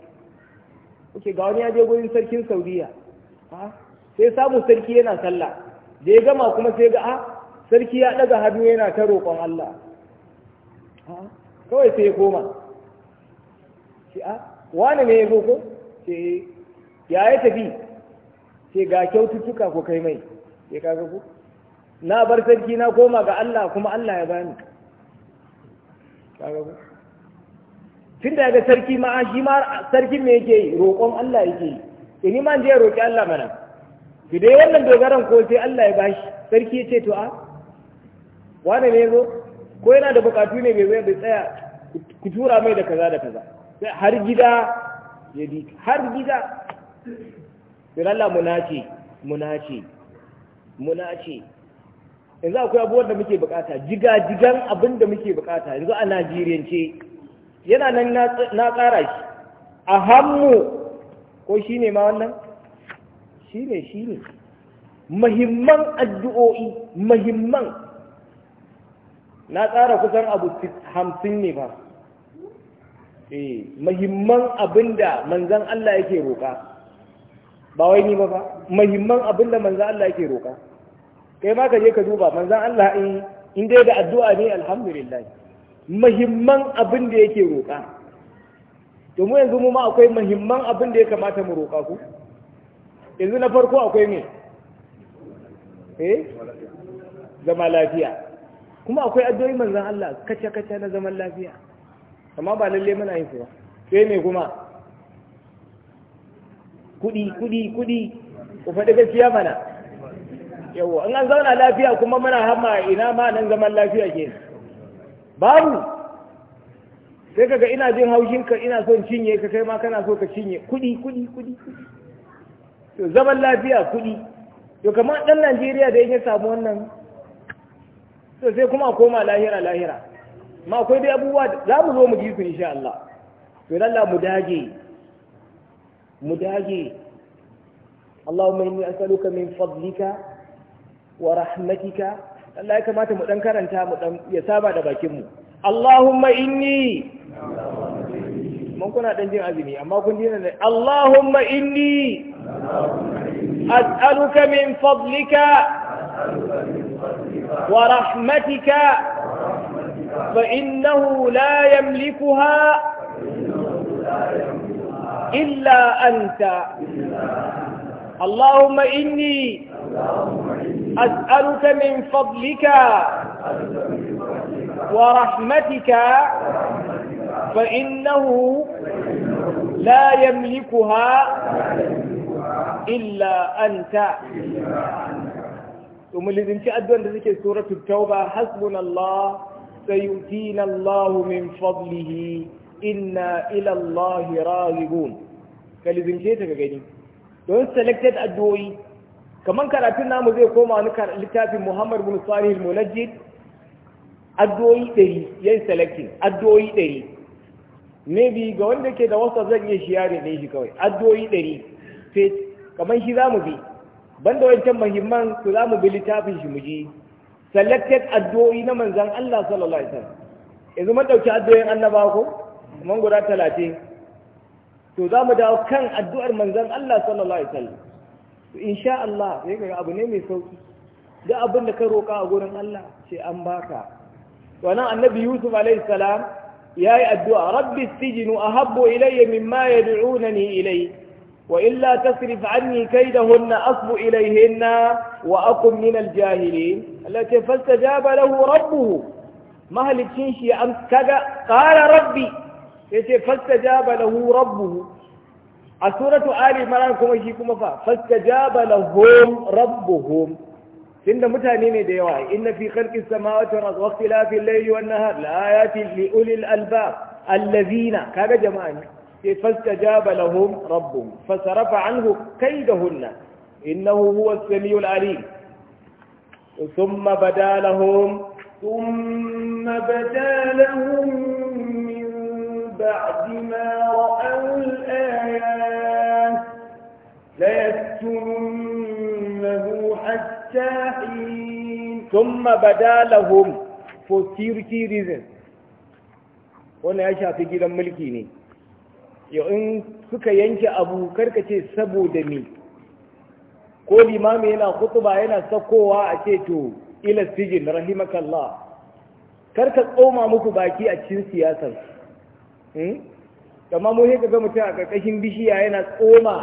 kuke ga wani ya je gurin sarkin Saudiya sai samu sarki yana sallah da ya gama kuma sai ga a ah, sarki ya ɗaga hannu yana ta roƙon Allah kawai sai ya koma ce a ah, wani ne ya zo ko ce ya ya tafi ce ga kyaututtuka ko kai mai ya kaga ko na bar sarki na koma ga Allah kuma Allah ya bani kaga ko tun da ga sarki ma shi ma sarkin me yake yi roƙon Allah yake yi ini ma je roƙi Allah mana ki dai wannan dogaran ko sai Allah ya bashi sarki ya ce to a ah, wani ne ya zo ko yana da bukatu ne bai bai tsaya ku tura mai da kaza da kaza har gida ya bi har gida sai Allah munace munace munace yanzu akwai abubuwan da muke bukata jigajigan abin da muke bukata yanzu a Najeriya ce. yana nan na tsara shi a hannu ko shi ne ma wannan shi ne shi ne mahimman addu'o'i mahimman na tsara kusan abu hamsin ne ba eh mahimman abin da manzan Allah yake roƙa ba wai ni ba ba mahimman abin da manzan Allah yake roƙa kai ma ka je ka duba manzan Allah in in dai da addu'a ne alhamdulillah mahimman abin da yake roƙa to mu yanzu mu ma akwai mahimman abin da ya kamata mu roƙa ku yanzu na farko akwai me eh zama lafiya kuma akwai addu'o'i manzon Allah kace kace na zaman lafiya amma ba lalle muna yin su ba sai me kuma kudi kudi kudi ku faɗi gaskiya mana yawa in an zauna lafiya kuma muna hama ina ma nan zaman lafiya ke babu sai kaga ina jin haushin ka ina son cinye ka kai ma kana so ka cinye kudi kudi kudi to zaman lafiya kudi to kamar dan Najeriya da yake samu wannan to sai kuma koma lahira lahira ma akwai dai abubuwa za mu zo mu ji su insha Allah to lalla mu dage mu dage Allahumma inni as'aluka min fadlika wa rahmatika Allah ya kamata mu dan karanta mu dan ya saba da bakin mu Allahumma inni mun kuna dan jin azumi amma kun ji ne Allahumma inni as'aluka min fadlika ورحمتك فإنه لا يملكها إلا أنت اللهم إني أسألك من فضلك ورحمتك فإنه لا يملكها إلا أنت to mu lizinci addu'an da suke suratul tauba hasbunallah sayutina Allahu min fadlihi inna ila Allah ka lizince ta ga gani don selected addu'o'i kaman karatun namu zai koma wani littafin Muhammad bin Salih al-Munajjid addu'o'i ɗari yayin selecting addu'o'i ɗari maybe ga wanda ke da wasa zan iya shiya ne shi kawai addu'o'i ɗari kamar shi za mu bi banda wancan mahimman su za mu bi littafin shi mu ji selected addu'o'i na manzan Allah sallallahu alaihi wasallam yanzu mun dauki addu'o'in annaba ko mun guda 30 to za mu dawo kan addu'ar manzan Allah sallallahu alaihi wasallam to insha Allah sai ga abu ne mai sauki duk abin da ka roka a gurin Allah sai an baka to nan annabi Yusuf alaihi salam yayi addu'a rabbi sijinu ahabbu ilayya mimma yad'unani ilayhi وإلا تصرف عني كيدهن أصب إليهن وأكن من الجاهلين التي فاستجاب له ربه مهلك شنشي أم كذا قال ربي يتي فاستجاب له ربه السورة آل عمران كما شيكم فا فاستجاب لهم ربهم tunda mutane ne da yawa inna fi khalqi samawati wal ardi wa ikhtilafi al-layli wan nahar la ayatin li ulil albab allazina kaga jama'a فاستجاب لهم ربهم فصرف عنه كيدهن إنه هو السميع العليم ثم بدا لهم ثم بدا لهم من بعد ما رأوا الآيات ليسكننه حتى حين ثم بدا لهم for security reasons. Wannan ya shafi ملكيني yau suka yanke abu karka ce saboda ni. ko limami yana kutuba yana sakowa a ce to ila sijin rahimakallah karka tsoma muku baki a cikin siyasar kama hmm? mu ga mutum a karkashin bishiya yana tsoma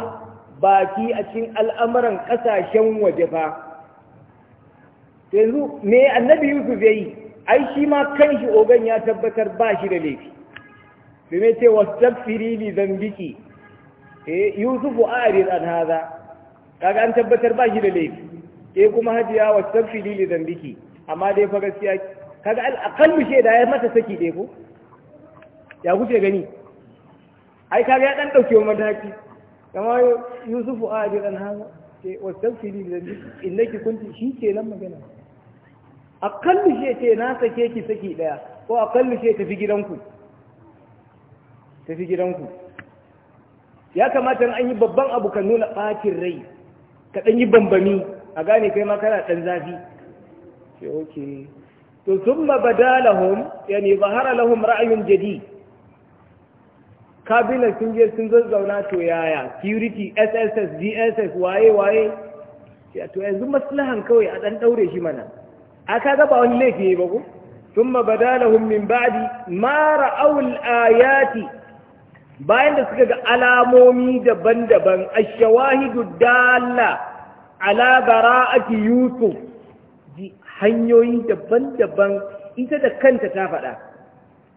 baki a cikin al'amuran ƙasashen waje fa yanzu me annabi yusuf yayi ai shi ma kanshi ogan ya tabbatar ba shi da laifi domin ce wastagfiri li zambiki eh yusufu a'rid an hadha kaga an tabbatar ba shi da laifi eh kuma hajiya wastagfiri li zambiki amma dai fa gaskiya kaga al da ya mata saki dai ko ya kuke gani ai kaga ya dan dauke mataki kamar yusufu a'rid an hadha ce eh, wastagfiri li zambiki innaki kunti shi nan magana akallu shi ce na sake ki saki daya ko akallu shi tafi gidanku tafi gidanku ya kamata an yi babban abu ka nuna ɓakin rai ka ɗan yi bambami a gane kai ma kana ɗan zafi ke oke to sun mabada yani zahara lahum ra'ayun jadi kabinan sun je sun zazzauna to yaya security sss dss waye waye to yanzu maslahan kawai a ɗan ɗaure shi mana a ka gaba wani laifi ba ku sun mabada min ba'di Mara ra'awul ayati bayan da suka ga alamomi daban-daban ashawahidu dalla ala bara'ati yusuf ji hanyoyi daban-daban ita da kanta ta faɗa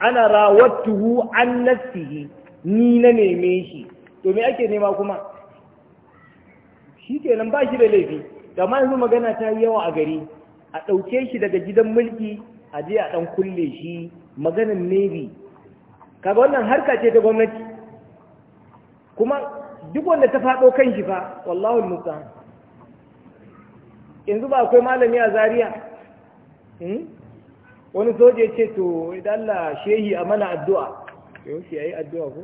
ana rawattuhu an nafsihi ni na neme shi to me ake nema kuma shi kenan ba shi da laifi da ma yanzu magana ta yi yawa a gari a ɗauke shi daga gidan mulki a je a ɗan kulle shi maganin nebi kaga wannan harka ce ta gwamnati kuma duk wanda ta faɗo kan shi fa wallahu musta'an yanzu ba akwai malami a Zariya? Hmm? wani soja ce to idan Allah shehi a mana addu'a yau shi yayi addu'a ko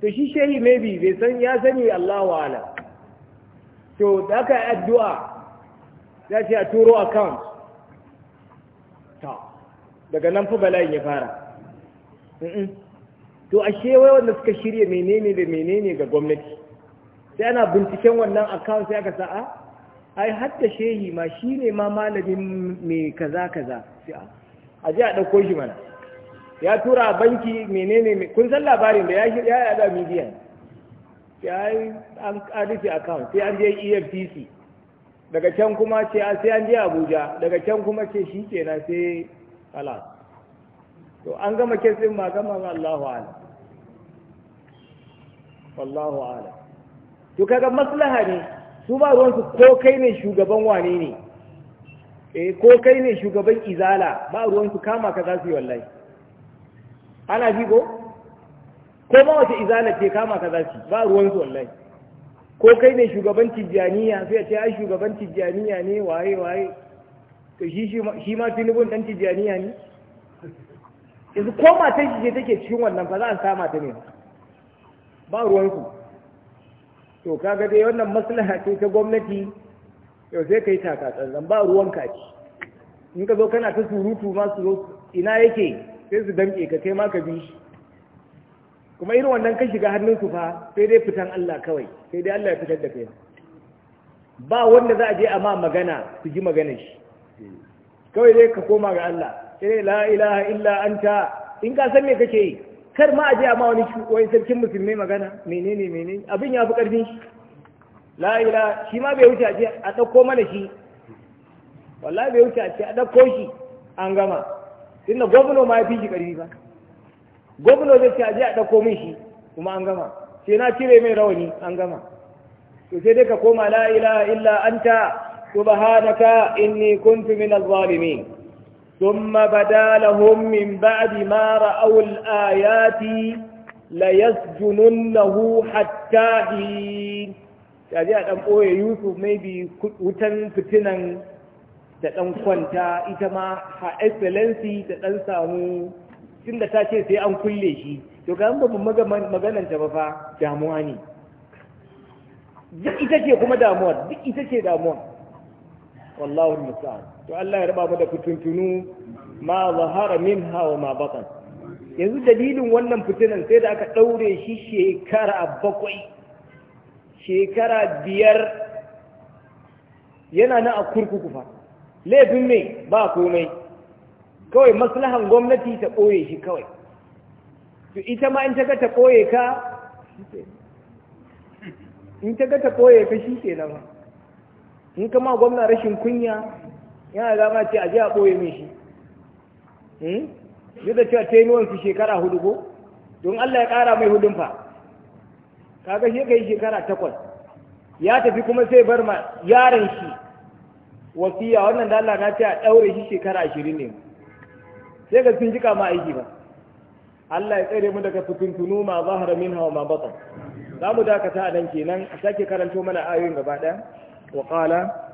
to shi shehi maybe bai san ya sani Allah wa ala to da aka yi addu'a za ce a turo account ta daga nan fa bala'in ya fara to ashe wai wanda suka shirya menene da menene ga gwamnati sai ana binciken wannan account sai aka sa'a ah, ai hatta shehi ma shi ne ma malamin mai kaza kaza sai ah, a aje a ɗauko shi mana ya tura a banki menene kun san labarin da ya yi ya da media Sai yi an rufe account sai an je EFTC daga can kuma ce ah, sai an je Abuja daga can kuma ce shi kenan sai kalas to an gama kesin ma gama Allahu a'lam wallahu ala to kaga maslaha ne su ba su ko kai ne shugaban wane ne eh ko kai ne shugaban izala ba su kama ka zasu yi wallahi ana ji ko ko ma wace izala ce kama ka zasu ba ba su wallahi ko kai ne shugaban tijjaniya sai ce ai shugaban tijjaniya ne waye waye to shi shi ma tinubun dan tijjaniya ne yanzu ko matan shi ce take cikin wannan fa za a sa mata ne ba ruwanku to kaga dai wannan maslaha ce ta gwamnati yau sai ka yi takatsantsan ba ruwanka ce in ka zo kana ta surutu ma su ina yake sai su damke ka kai ma ka bi shi kuma irin wannan ka shiga hannunsu fa sai dai fitan Allah kawai sai dai Allah ya fitar da kai ba wanda za a je a ma magana su ji magana shi kawai dai ka koma ga Allah sai la ilaha illa anta in ka san me kake yi kar ma a je amma wani shugoyi sarkin musulmi magana menene menene abin ya fi karfin shi la ila shi ma bai wuce a ce a ɗauko mana shi wallahi bai wuce a ce a ɗauko shi an gama tunda gwamna ma ya fi shi karfi ba gwamna zai ce a je a ɗauko min shi kuma an gama sai na cire mai rawani an gama to sai dai ka koma la ila illa anta subhanaka inni kuntu minaz zalimin ثم بدا لهم من بعد ما رأوا الآيات ليسجننه حتى حين kaji a ɗan ɓoye yusuf bi wutan fitinan da ɗan kwanta ita ma ha excellency da ɗan samu tun da ta ce sai an kulle shi to ga ba mu magananta ba fa damuwa ne ita ce kuma damuwar duk ita ce damuwar wallahu المستعان to Allah ya raba mu da ظهر ma وما بطن ma yanzu dalilin wannan fitinan sai da aka daure shi shekara bakwai shekara biyar yana na a kurkuku fa laifin me ba komai kawai maslahan gwamnati ta ɓoye shi kawai to ita ma in ta ga ta ɓoye ka in ta ga ta ɓoye ka shi ke nan in kama gwamna rashin kunya yana dama ce a ji a ɓoye min shi hmm? duk da cewa ta yi nuwansu shekara hudu ko don Allah ya ƙara mai hudun fa kaga shi ka yi shekara takwas ya tafi kuma sai bar ma yaron shi wasiya wannan da Allah na ce a ɗaure shi shekara ashirin ne sai ka sun jika ma aiki ba Allah ya tsere mu daga fitintunu ma zahara min hawa ma batan za mu dakata a nan kenan a sake karanto mana ayoyin gaba ɗaya وقال